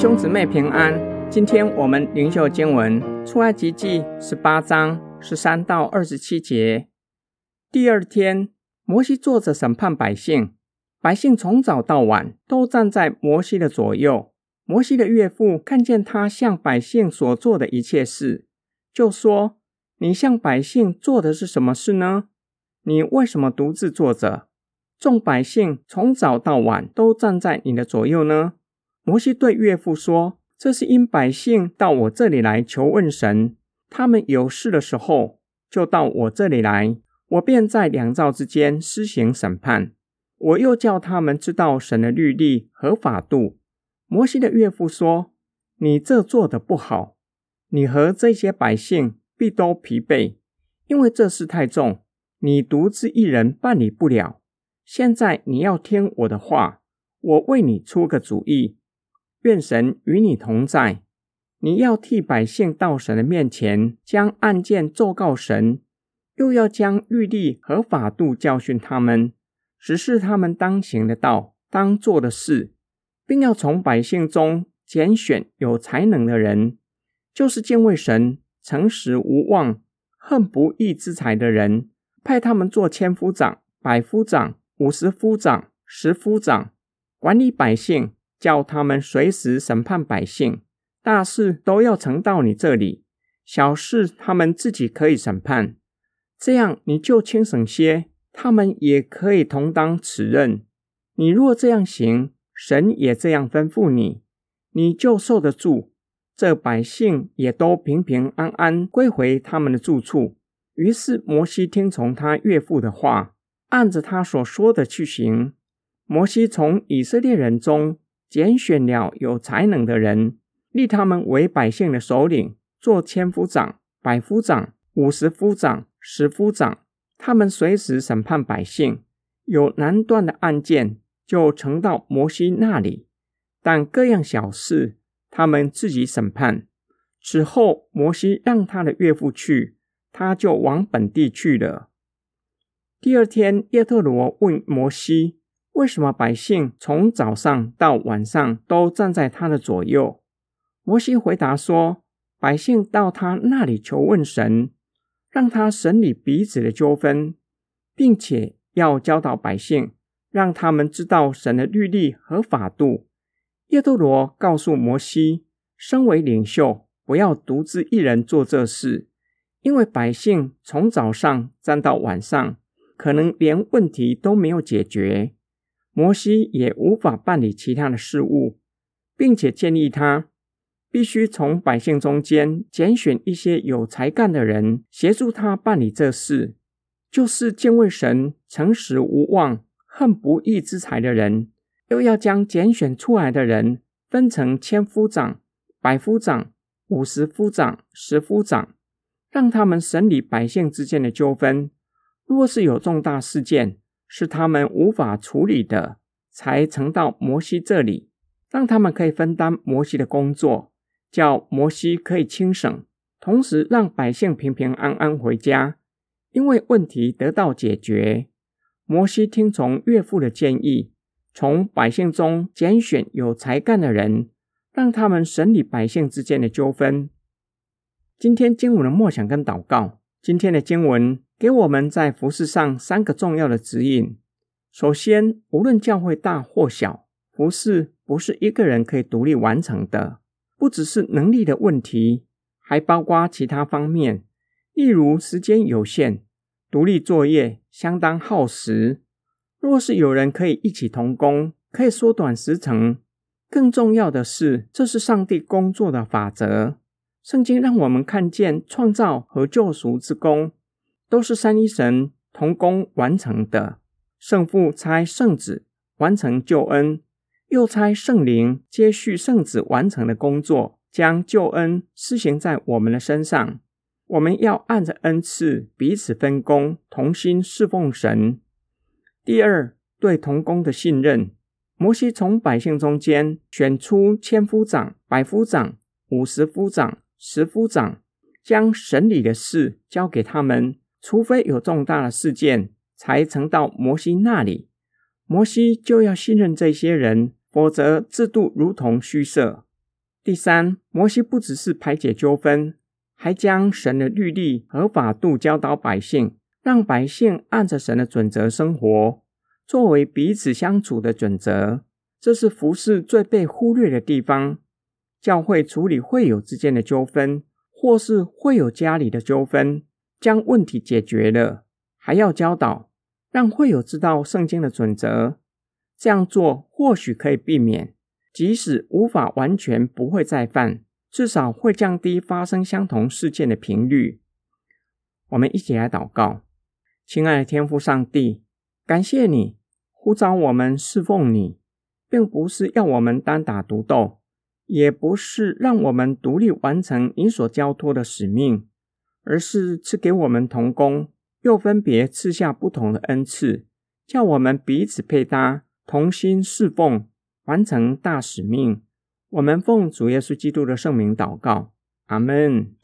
兄姊妹平安，今天我們靈修經文出埃及記十八章十三到二十七節。第二天，摩西坐着審判百姓，百姓從早到晚都站在摩西的左右。摩西的岳父看見他向百姓所做的一切事，就說：“你向百姓做的是什麼事呢？你為什麼獨自坐着？眾百姓從早到晚都站在你的左右呢？”摩西對岳父說：“這是因百姓到我這裡來求問神，他們有事的時候就到我這裡來，我便在兩造之間施行審判。我又叫他們知道神的律例和法度。”摩西的岳父說：“你這做的不好，你和這些百姓必都疲憊，因為這事太重，你獨自一人辦理不了。現在你要聽我的話，我為你出個主意。”願神與你同在。你要替百姓到神的面前，將案件奏告神，又要將律例和法度教訓他們，指示他們當行的道、當做的事，並要從百姓中揀選有才能的人，就是敬畏神、誠實無妄、恨不義之財的人，派他們做千夫長、百夫長、五十夫長、十夫長，管理百姓。叫他們隨時審判百姓，大事都要呈到你這裡，小事他們自己可以審判。這樣你就輕省些，他們也可以同當此任。你若這樣行，神也這樣吩咐你，你就受得住。這百姓也都平平安安歸回他們的住處。於是摩西聽從他岳父的話，按着他所說的去行。摩西從以色列人中。揀選了有才能的人，立他們為百姓的首領，做千夫長、百夫長、五十夫長、十夫長。他們隨時審判百姓，有難斷的案件就呈到摩西那裡，但各樣小事他們自己審判。此後，摩西讓他的岳父去，他就往本地去了。第二天，葉忒羅問摩西，為什麼百姓從早上到晚上都站在他的左右？摩西回答說：“百姓到他那裡求問神，讓他審理彼此的糾紛，並且要教導百姓，讓他們知道神的律例和法度。”葉忒羅告訴摩西：“身為領袖，不要獨自一人做這事，因為百姓從早上站到晚上，可能連問題都沒有解決。”摩西也無法辦理其他的事物，並且建議他必須從百姓中間揀選一些有才幹的人協助他辦理這事，就是敬畏神、誠實無妄、恨不義之財的人，又要將揀選出來的人分成千夫長、百夫長、五十夫長、十夫長，讓他們審理百姓之間的糾紛。若是有重大事件，是他們無法處理的，才呈到摩西這裡，讓他們可以分擔摩西的工作，叫摩西可以輕省，同時讓百姓平平安安回家，因為問題得到解決。摩西聽從岳父的建議，從百姓中揀選有才幹的人，讓他們審理百姓之間的糾紛。今天經文的默想跟禱告，今天的經文。給我們在服事上三個重要的指引。首先，無論教會大或小，服事不是一個人可以獨立完成的，不只是能力的問題，還包括其他方面，例如時間有限，獨立作業相當耗時。若是有人可以一起同工，可以縮短時程。更重要的是，這是上帝工作的法則。聖經讓我們看見創造和救贖之工。都是三一神同工完成的，聖父差聖子完成救恩，又差聖靈接續聖子完成的工作，將救恩施行在我們的身上。我們要按着恩賜彼此分工，同心事奉神。第二，對同工的信任。摩西從百姓中間選出千夫長、百夫長、五十夫長、十夫長，將審理的事交給他們。除非有重大的事件，才呈到摩西那裡，摩西就要信任這些人，否則制度如同虛設。第三，摩西不只是排解糾紛，還將神的律例和法度教導百姓，讓百姓按着神的準則生活，作為彼此相處的準則。這是服事最被忽略的地方。教會處理會友之間的糾紛，或是會友家裡的糾紛。將問題解決了，還要教導，讓會友知道聖經的準則。這樣做或許可以避免，即使無法完全不會再犯，至少會降低發生相同事件的頻率。我們一起來禱告，親愛的天父上帝，感謝你，呼召我們侍奉你，並不是要我們單打獨鬥，也不是讓我們獨立完成你所交托的使命。而是賜給我們同工，又分別賜下不同的恩賜，叫我們彼此配搭，同心事奉，完成大使命。我們奉主耶穌基督的聖名禱告，阿門。